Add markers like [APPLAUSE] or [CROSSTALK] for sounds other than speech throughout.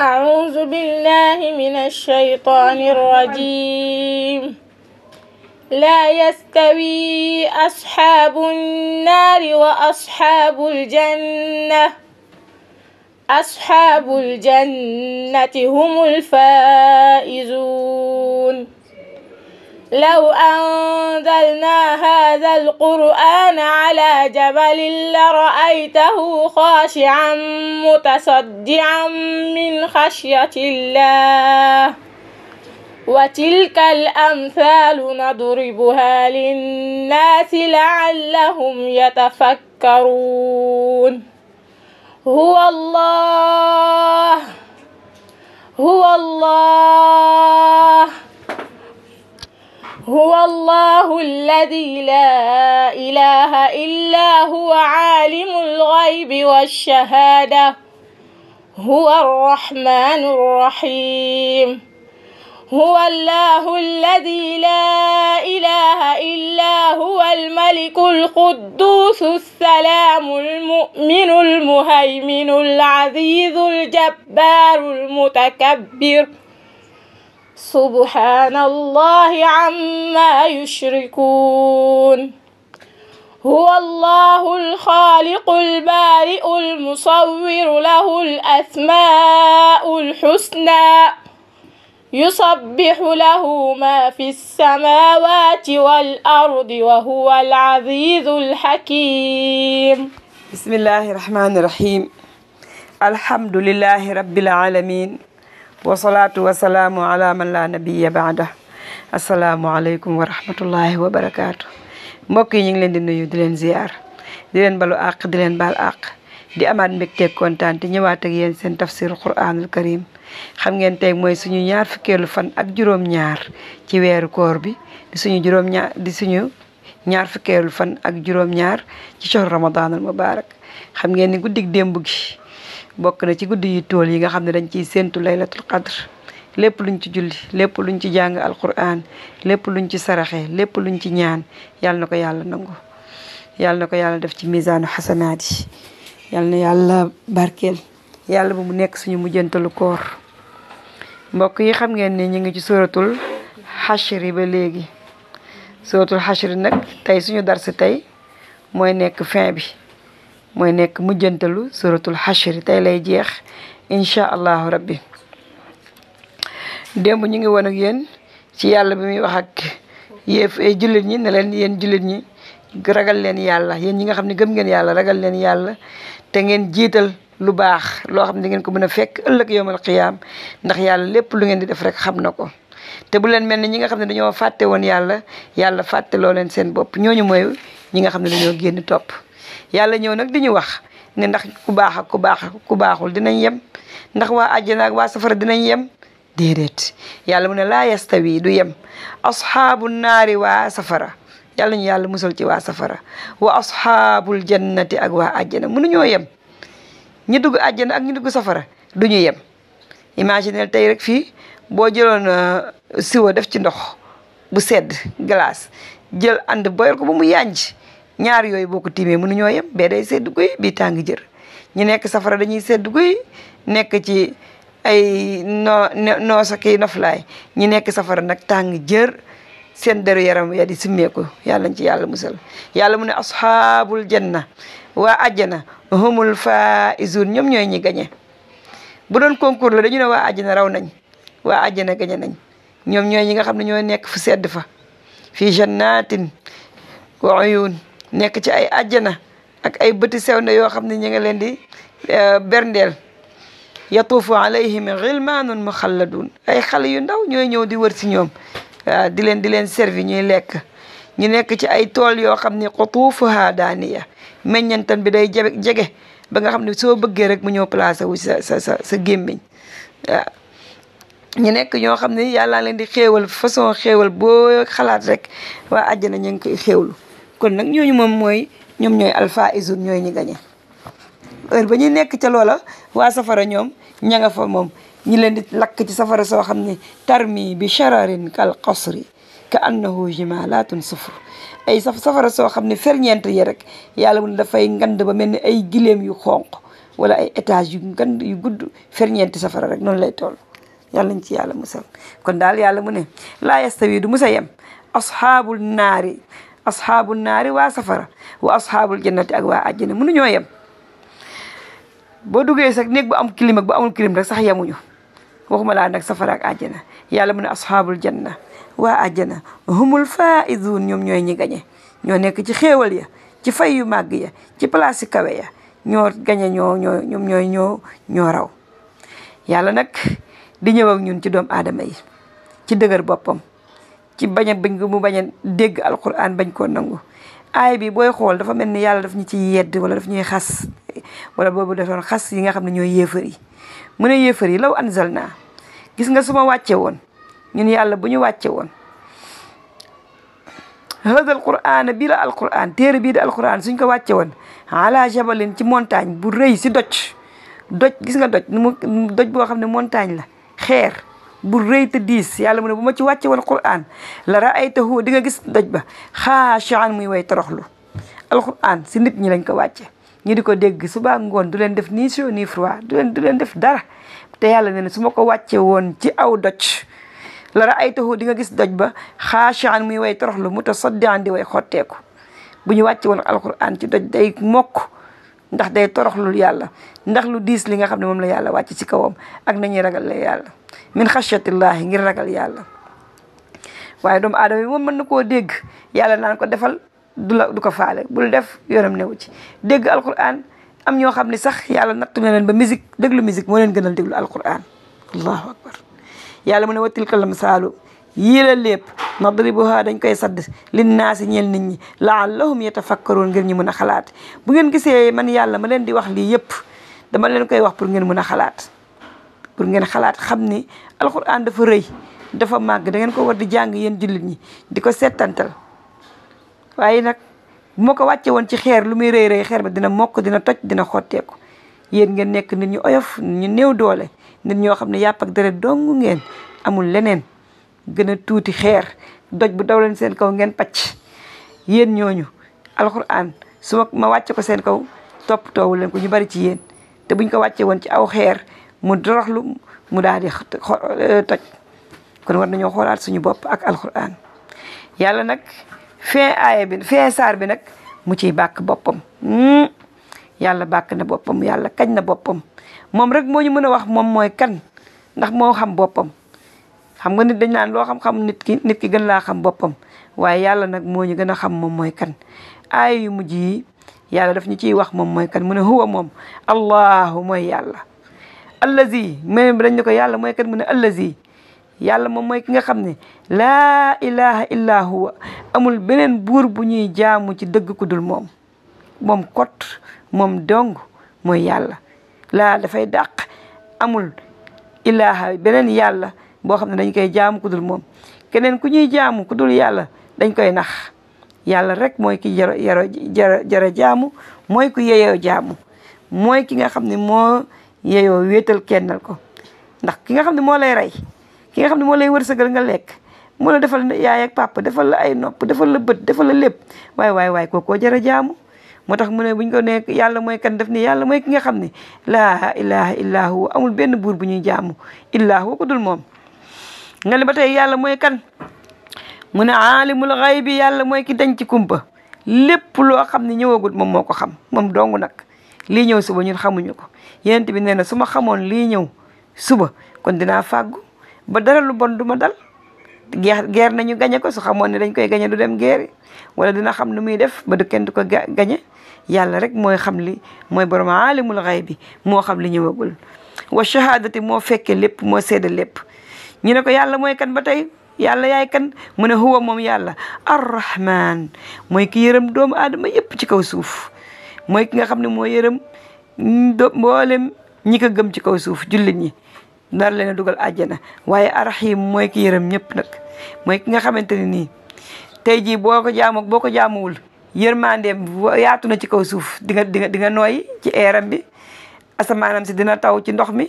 أعوذ بالله من الشيطان الرجيم لا يستوي أصحاب النار وأصحاب الجنة أصحاب الجنة هم الفائزون لو أنزلنا هذا القرآن على جبل لرأيته خاشعا متصدعا من خشية الله وتلك الأمثال نضربها للناس لعلهم يتفكرون هو الله هو الله هو الله الذي لا إله إلا هو عالم الغيب والشهادة هو الرحمن الرحيم هو الله الذي لا إله إلا هو الملك القدوس السلام المؤمن المهيمن العزيز الجبار المتكبر سبحان الله عما يشركون هو الله الخالق البارئ المصور له الأسماء الحسنى يسبح له ما في السماوات والأرض وهو العزيز الحكيم بسم الله الرحمن الرحيم الحمد لله رب العالمين wasalaatu wasalaamu ala man la nabiya baada asalaamualeykum wa rahmatullahi wa barakaatu mbokk yi ñu ngi leen di nuyu di leen ziar di leen balu àq di leen baal àq di amaat mbégteeg kontaan te ñëwaata ak yéen seen tafsiru quranul karim xam ngeen tey mooy suñu ñaar fukkeelu fan ak juróom-ñaar ci weeru koor bi di suñu juróom-ñaar di suñu ñaar fukkeelu fan ak juróom-ñaar ci coor ramadanul mubarak xam ngeen ni guddig démb gi bokk na ci guddi yu tool yi nga xam ne dañ ciy séentu laylatul qadr lépp luñ ci julli lépp luñ ci jàng alquran lépp luñ ci saraxe lépp luñ ci ñaan yàlla na ko yàlla nangu yàlla na ko yàlla def ci misaanu xasanaat yi yàlla na yàlla barkeel yàlla ba mu nekk suñu mujjantalu koor mbokk yi xam ngeen ne ñu ngi ci suratul xashri ba léegi suratul xashri nag tey suñu darsi tey mooy nekk fin bi mooy nekk mujjantalu suratul xashri tey lay jeex incha allahu rabbi démb ñu ngi woon ak yéen ci yàlla bi muy wax ak yéef jullit ñi ne leen yéen jullit ñi ragal leen yàlla yéen ñi nga xam gëm ngeen yàlla ragal leen yàlla te ngeen jiital lu baax loo xam ngeen ko mën fekk ëllëg yowmal ndax lu ngeen di def rek xam ko te bu leen mel ni ñi nga xam ne dañoo fàtte woon yàlla yàlla fàtte loo leen seen bopp ñooñu ñi nga dañoo yàlla ñëw nag di ñu wax ne ndax ku baax ak ku baax ku baaxul dinañ yem ndax ak safara dinañ yem mu ne yastawi du yem ashaabu naari waa safara yàlla ñu yàlla ci safara wa ashabul jannati ak waa àjjana mënuñoo yem ñi dugg àjjana ak ñi dugg safara du ñu yem imaginel tey rek fii boo jëloon euh, siwo def ci ndox bu sedd glace jël boyal ko mu ñaar yooyu boo ko tiimee mënuñoo yem bee day sedd guy bii tàng jër ñu nekk safara dañuy sedd guy nekk ci ay noo kii noflaay ñi nekk safara nag tàng jër seen deru yaram ya di simmeeku yàlla nañ ci yàlla musal yàlla mu ne ashaabul janna waa àjjana humul faizun ñoom ñooy ñi gañe bu doon concours la dañu ne waa àjjana raw nañ waa àjjana gañe nañ ñoom ñooy ñi nga xam ne ñooy nekk fu sedd fa fii jannatin wa uyun Nek ci ay àjjana ak ay bëti sew na yoo xam ne ñu ngi leen di eh, berndeel yatuufu alayhim xilmaanun muxalladun ay xale yu ndaw ñooy ñëw di wër si ñoom waaw eh, di leen di leen servi ñuy lekk ñu nekk ci ay tool yoo xam ne xutuufuha daaniya meññantan bi day jege ba nga xam ne soo rek mu ñëw placé wu sa sa sa sa gémmiñ waaw ñu nekk leen di xéewal façon xéewal boo xalaat rek waa àjjana ñu ngi koy xéewlu kon nag ñooñu moom mooy ñoom ñooy alfaa'izuun ñooy ñi gañe heure ba ñuy nekk ca loola waa safara ñoom ña nga fa moom ñi leen di lakk ci safara soo xam ne tarmi bi shararin kal qasri ka annahu jimalaatun sufr ay saf safara soo xam ne ferñeent yi rek yàlla la dafay ngand ba mel ni ay gileem yu xonq wala ay étage yu yu gudd ferñeenti safara rek noonu lay toll yàlla nañ ci yàlla musal kon daal yàlla mu ne laa yastawi du musa yem ashaabul naari asxaabu naari waa safara wa asxaabul jannati ak waa àjjana mënuñoo yem boo dugee sax néeg bu am kilima ak amul clim rek sax yemuñu waxuma laa nag safara ak àjjana yàlla mu ne asxaabul janna waa àjjana humul faaizuun ñoom ñooy ñi gañe ñoo nekk ci xéewal ya ci fay yu màgg ya ci place kawe ya ñoo gañe ñoo ñoom ñooy ñoo raw yàlla nag di ñëw ak ñun ci doomu aadama yi ci dëgër boppam ci bañ a bañ gu mu bañ dégg dégg alquran bañ koo nangu aay bi booy xool dafa mel ni yàlla daf ñu ci yedd wala daf ñuy xas wala boobu defoon doon xas yi nga xam ne ñooy yéefar yi mu ne yéefar yi law anzal naa gis nga su ma wàcce woon ñun yàlla bu ñu wàcce woon hada alquran bii la alquran téere bii di alquran suñ ko wàcce woon ala jabalin ci montagne bu rëy si doj doj gis nga doj nu mu doj boo xam ne montagne la xeer bu rëy te diis yàlla mu ne bu ma ci wàcce wal quran la raaytahu di nga gis doj ba xaashian muy way toroxlu alquran si nit ñi lañ ko wàcce ñu di ko dégg su baa ngoon du leen def ni chaud ni froid du leen du leen def dara te yàlla ne ne su ma ko wàcce woon ci aw doj la raaytahu di nga gis doj ba xaashian muy way toroxlu mutasaddian di way xotteeku bu ñu wàcce woon alquran ci doj day mokk ndax day toroxlul yàlla ndax lu diis li nga xam ne moom la yàlla wàcc ci kawam ak nañuy ragal la yàlla min xachatillaahi ngir ragal yàlla waaye doomu aadama bi moom mën na koo dégg yàlla naan ko defal du du ko faale bul def yoram newu ci dégg alquran am ñoo xam ne sax yàlla nattu na leen ba musique déglu musique moo leen gënal déglu alquran allahu akbar yàlla mu ne wa tilka lamsaalu yii la lépp nadribuha dañ koy sadd linnaasi ñeel nit ñi laallahum yatafakkaroon ngir ñu mën a xalaat bu ngeen gisee man yàlla ma leen di wax lii yëpp dama leen koy wax pour ngeen mën a xalaat pour ngeen xalaat xam ni alxuraan dafa rëy dafa màgg da ngeen ko war di jàng yéen jullit ñi di ko settantal waaye nag bu ma ko wàcce woon ci xeer lu muy rëy rëy xeer ba dina mokk dina toj dina xotteeku yéen ngeen nekk nit ñu oyof ñu néew doole nit ñoo xam ne yàpp ak deret dong ngeen amul leneen gën a tuuti xeer doj bu daw leen seen kaw ngeen pacc yéen ñooñu alxuraan su ma ma wàcce ko seen kaw toppatoowu leen ko ñu bari ci yéen te buñ ko wàcce woon ci aw xeer mu lu mu daal di e, toj kon war nañoo xoolaat suñu bopp ak alquran yàlla nag fin aaya bi fin saar bi nag mu ciy bàkk boppam hmm. yàlla bàkk na boppam yàlla kañ na boppam moom rek moo ñu mën a wax moom mooy kan ndax moo xam boppam xam nga nit dañ naan loo xam-xam nit ki nit ki gën laa xam boppam waaye yàlla nag moo ñu xam moom mooy kan aaya yu mujj yi daf ñu ciy wax moom mooy kan mu ne huwa moom allahu mooy yàlla allazi même bi dañ ne ko yàlla mooy kat mu ne allazi yàlla moom mooy ki nga xam ne laa ilaha illa huwa amul beneen buur bu ñuy jaamu ci dëgg ku dul moom moom kot moom dong mooy yàlla laa dafay dàq amul ilaha beneen yàlla boo xam ne dañ koy jaamu ku dul moom keneen ku ñuy jaamu ku dul yàlla dañ koy nax yàlla rek mooy ki jaro jaro jara jaamu mooy ku yeyoo jaamu ki nga xam ne moo yeeyoo wéetal kennal ko ndax ki nga xam ne moo lay rey ki nga xam ne moo lay wërsëgal nga lekk moo la defal yaay ak papa defal la ay nopp defal la bët defal la lépp waay waay waay kookoo jara jaamu moo tax mu ne buñ ko nekk yàlla mooy kan def ni yàlla mooy ki nga xam ne la ilaha illa huwa amul benn buur bu ñuy jaamu illa huwa ko dul moom nga ne ba tey yàlla mooy kan mu ne aalimul xay bi yàlla mooy ki denc kumpa lépp loo xam ne ñëwagul moom moo ko xam moom dong nag lii ñëw suba ñun xamuñu ko yonent bi nee na su ma xamoon suba kon dinaa fàggu ba dara lu bon du ma dal geex geer nañu gañe ko su xamoon dañ koy du dem wala dina xam nu muy def ba du kenn du ko gañe yàlla rek mooy xam li mooy borom aalimul xay bi moo xam li ñëwagul wa shahadati moo fekke lépp moo seede lépp ñu ne ko yàlla mooy kan ba tey yàlla yaay kan mu ne huwa moom yàlla arrahman mooy ki yërëm doomu aadama yépp ci kaw suuf ki nga mboolem ñi ko gëm ci kaw suuf jullit ñi nar leen a dugal àjjana waaye arrahim mooy ki yërëm ñëpp nag mooy ki nga xamante ne nii tey jii boko ko jaamu boo ko jaamuwul yërmandeem yaatu na ci kaw suuf di nga di nga nooy ci eeram bi asamaanam si dina taw ci ndox mi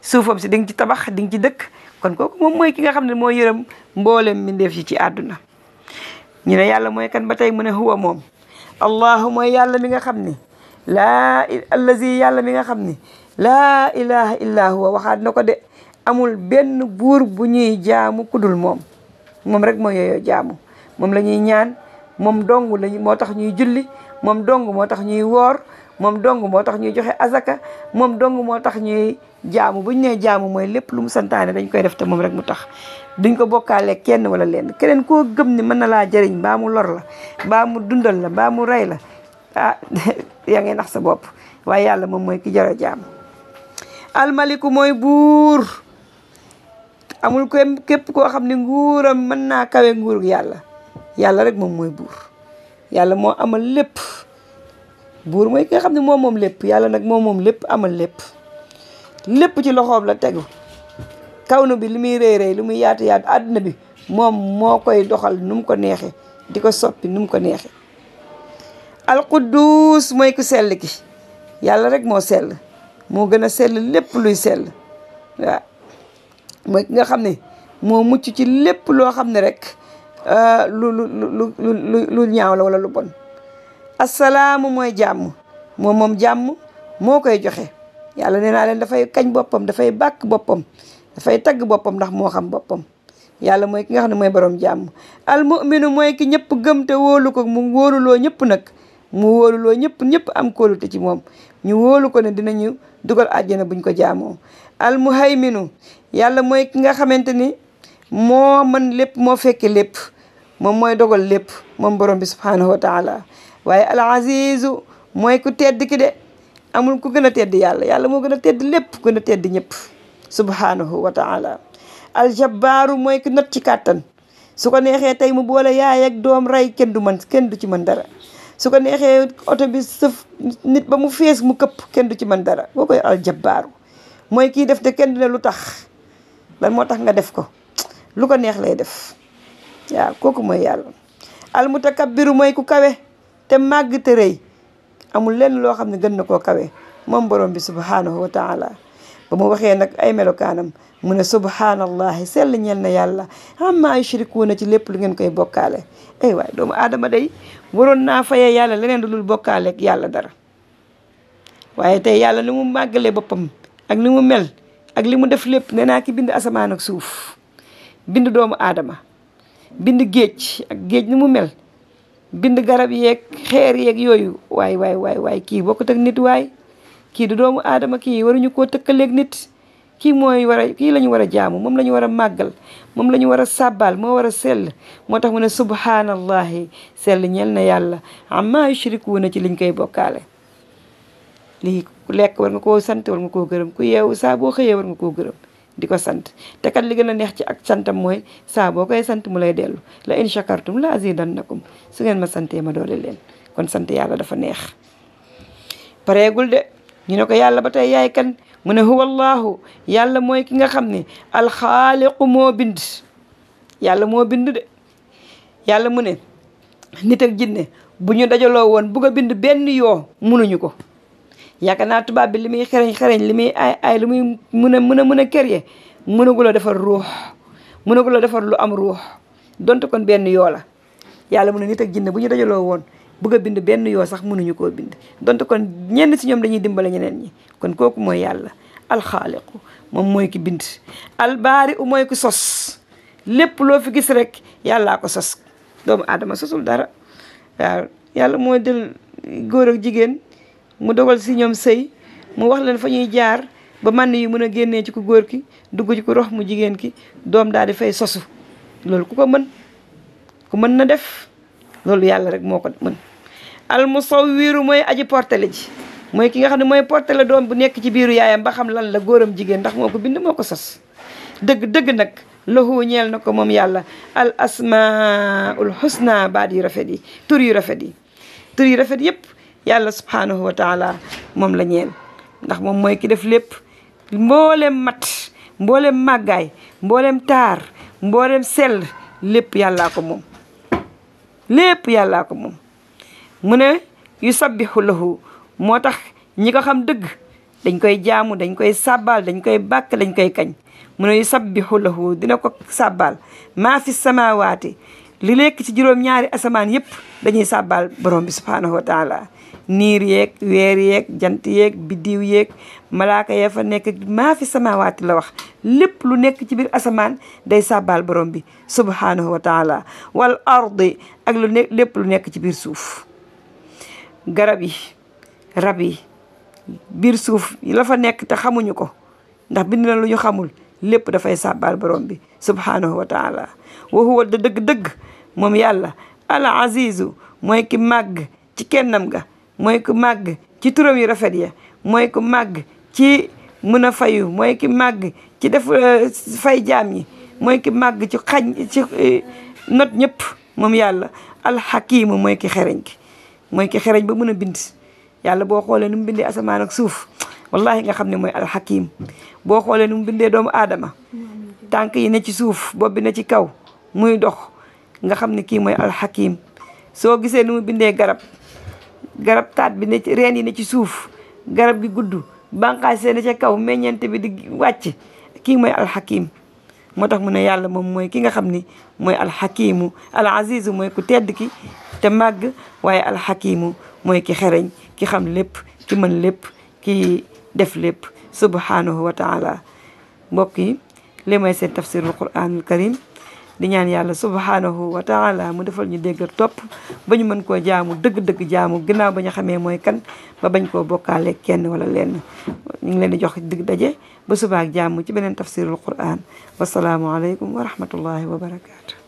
suufam si ding ci tabax di ci dëkk kon ko moom mooy ki nga xam ne mooy yërëm mboolem mbindeef yi ci àdduna ñu ne yàlla mooy kan ba tey mu ne huwa moom allahu mooy mi nga xam ni laa allazi yàlla mi nga xam ni laa ilaha illa huwa waxaat na ko de amul benn buur bu ñuy jaamu kudul moom moom rek moo yooyoo jaamu moom la ñuy ñaan moom dong lañ moo tax ñuy julli moom dong moo tax ñuy woor moom dong moo tax ñuy joxe azaka moom dong moo tax ñuy jaamu bu ñu nee jaamu mooy lépp lu mu santaane dañ koy def te moom rek mu tax duñ ko bokkaale kenn wala lenn keneen koo gëm ni mën na laa jariñ mbaa lor la mbaa mu dundal la mbaa mu rey la ah, [LAUGHS] yaa ngi nax sa bopp waaye yàlla moom mooy ki jara jaam almaliku mooy buur amul kenn képp koo xam ne nguuram mën naa kawe nguurug yàlla yàlla rek moom mooy buur yàlla moo amal lépp buur mooy ki nga xam ne moom moom lépp yàlla nag moom moom lépp amal lépp lépp ci loxoom la tegu kaw na bi li muy rëy rey lu muy yaatu yaatu àdduna bi moom moo koy doxal nu mu ko neexee di ko soppi nu mu ko neexee alquddus mooy ku sell sel yàlla rek moo sell sel, gën sel sell lépp luy sell waaw mooy nga xam ne moo ci lépp loo xam rek euh, lu lu lu lu lu ñaaw la wala lu bon asalaamu mooy jàmm moom moom jàmm moo koy joxe yàlla nee naa leen dafay kañ boppam dafay bàkk boppam dafay tagg boppam ndax moo xam boppam yàlla mooy ki nga xam ne mooy jamu, al almuminu mooy ki ñëpp gëm te wóolu ko mu lo ñëpp nak mu wóoluloo nyep ñëpp am kóolute ci moom ñu wóolu ko ne dinañu dugal àjjana buñ ko jaamoo almuhayminu yàlla mooy ki nga xamante ni moo mën lépp fekke lépp moom mooy dogal lépp moom borom bi subhaanahu wa taala waaye al azizu mooy ku tedd ki de amul ku gën a tedd yàlla yàlla moo gën tedd lépp gën tedd ñëpp subhaanahu wa taala aljabbaaru mooy ku not ci kàttan su ko neexee tey mu boole yaay ak doom rey kenn du kenn du ci dara su ko neexee oto bi sëf nit ba mu fees mu këpp kenn du ci mën dara boo koy aljabaaru mooy kii def te kenn du ne lu tax lan moo tax nga def ko lu ko neex lay def waaw kooku mooy yàlla almutakabbiru mooy ku kawe te màgg te rëy amul lenn loo xam ne gën na koo kawe moom borom bi subhanahu wa taala ba mu waxee nag ay melokaanam mu ne subhaanallahi sell ñel na yàlla amma yushrikuuna ci lépp lu ngeen koy bokkaale ay waay doomu aadama day waroon naa fayee yàlla leneen lu dul yàlla dara waaye te yàlla ni mu màggalee boppam ak ni mu mel ak li mu def lépp nee naa ki bind asamaan ak suuf bind doomu aadama bind géej ak géej ni mu mel bind garab yeeg xeer yeeg yooyu waay waay waay waay kii bokkut ak nit waay kii du doomu aadama kii waruñu koo tëkkaleeg nit kii mooy war a kii la ñu war a jaamu moom lañu ñu war a màggal moom lañu ñu war a sàbbaal moo war a sell moo tax mu ne subhaanallahi sell ñel na yàlla amma yushrikuuna ci liñ koy bokkaale ku lekk war nga koo sant war nga koo gërëm ku yeewu saa xëyee war nga koo gërëm di ko sant te kat li gën a neex ci ak santam mooy saa koy sant mu lay dellu la in shakartum la azidannakum su ngeen ma santee ma doole leen kon sant yàlla dafa neex pareegul de ñu ne ko yàlla ba tey yaay kan mu ne huwa allahu yàlla mooy ki nga xam ne alxaaliqu moo bind yàlla moo bind de yàlla mu ne nit ak jinne bu ñu dajaloo woon bugg a bind benn yoo munuñu ko yaakaar naa tubaab bi li muy xereñ xereñ li muy ay ay li muy mun a mun a mun a kër mënagul a defar ruux mënagul a defar lu am ruux donte kon benn yoo la yàlla mu ne nit ak jinne bu ñu dajaloo woon bëgg a bind benn yoo sax mënuñu koo bind donte kon ñenn si ñoom dañuy dimbale ñeneen ñi kon kooku mooy yàlla alxaaliqu moom mooy ki bind albaari u mooy ki sos lépp loo fi gis rek yàllaa ko sos doomu aadama sosul dara waaw yàlla moo del góor ak jigéen mu dogal si ñoom sëy mu wax leen fa ñuy jaar ba man yi mën a génnee ci ku góor ki dugg ci ku rox mu jigéen ki doom daal di fay sosu loolu ku ko mën ku mën na def loolu yàlla rek moo ko mën al musawwiru mooy aji portale ji mooy ki nga xam ne mooy portale doom bu nekk ci biiru yaayam ba xam lan la góoram jigéen ndax moo ko bind moo ko sos dëgg dëgg nag lahu ñeel na ko moom yàlla al asmaul husna baat yu rafet yi tur yu rafet yi tur yu rafet yëpp yàlla subhanahu wa moom la ñeel ndax moom mooy ki def lépp mboolem mat mboolem màggaay mboolem taar mboolem sell lépp yàlla ko moom lépp yàllaa ko moom mu ne yu sabbihu lahu moo tax ñi ko xam dëgg dañ koy jaamu dañ koy sàbbaal dañ koy bàkk dañ koy kañ mu ne yu sabbihu lahu dina ko sàbbaal maa fi samawaati li lekk ci juróom-ñaari asamaan yëpp dañuy sàbbaal borom bi subhaanahu wa taala niir yeeg weer yeeg jant yeeg biddiw yeeg malaaka ya fa nekk maa fi samawaati la wax lépp lu nekk ci biir asamaan day sàbbaal borom bi subhaanahu wa taala wal ardi ak lu ne lépp lu nekk ci biir suuf garab yi rab yi biir suuf la fa nekk te xamuñu ko ndax bind na lu ñu xamul lépp dafay sàbbaal borom bi subhaanahu wa taala wa huwa da dëgg-dëgg moom yàlla al azizu mooy ki màgg ci kennam ga mooy ku màgg ci turam yu rafet ya mooy ku màgg ci mën a fayu mooy ki màgg ci def euh, fay jaam yi mooy ki màgg ci xañ euh, not ñëpp moom yàlla alxakiimu mooy ki xereñ ki mooy ki xereñ ba mën a bind yàlla boo xoolee nu mu bindee asamaan ak suuf wallahi nga xam ne mooy alxakim boo xoolee nu mu bindee doomu aadama tànk yi ne ci suuf bopp bi ne ci kaw muy dox nga xam ni kii mooy alxakim soo gisee nu mu bindee garab garab taat bi ne ci reen yi ne ci suuf garab gi gudd banqaas see ca kaw meññeent bi di wàcc kii mooy alxakim motax mu ne yàlla mom moy ki nga xamni moy al hakim al aziz moy ku tedd ki te mag màgg al hakim moy ki xereñ ki xam lépp ki man lépp ki def lépp subhanahu wa taala mbokk yi li mooy seen tafsirul quranul karim di ñaan yàlla subhaanahu wa taala mu defal ñu déggal topp ba ñu mën koo jaamu dëgg-dëgg jaamu ginnaaw ba ñu xamee mooy kan ba bañ koo bokkaale kenn wala lenn ñu ngi leen di jox digg daje ba subaak jaamu ci beneen tafsirul quran wasalaamu aleykum wa rahmatullahi wa barakaatu